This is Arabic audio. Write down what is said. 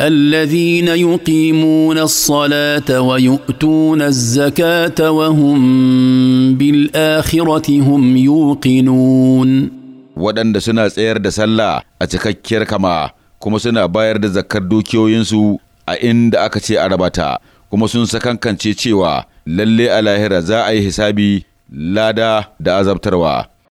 الذين يقيمون الصلاه ويؤتون الزكاه وهم بالاخره هم يوقنون ودند سنا تسير ده صلاه كما كما سنا باير ده زكار دوكيوين سو اكتي ارباتا كما سن سكان كانتي تشيوا للي الاهره زا حسابي لادا ده ازبتروا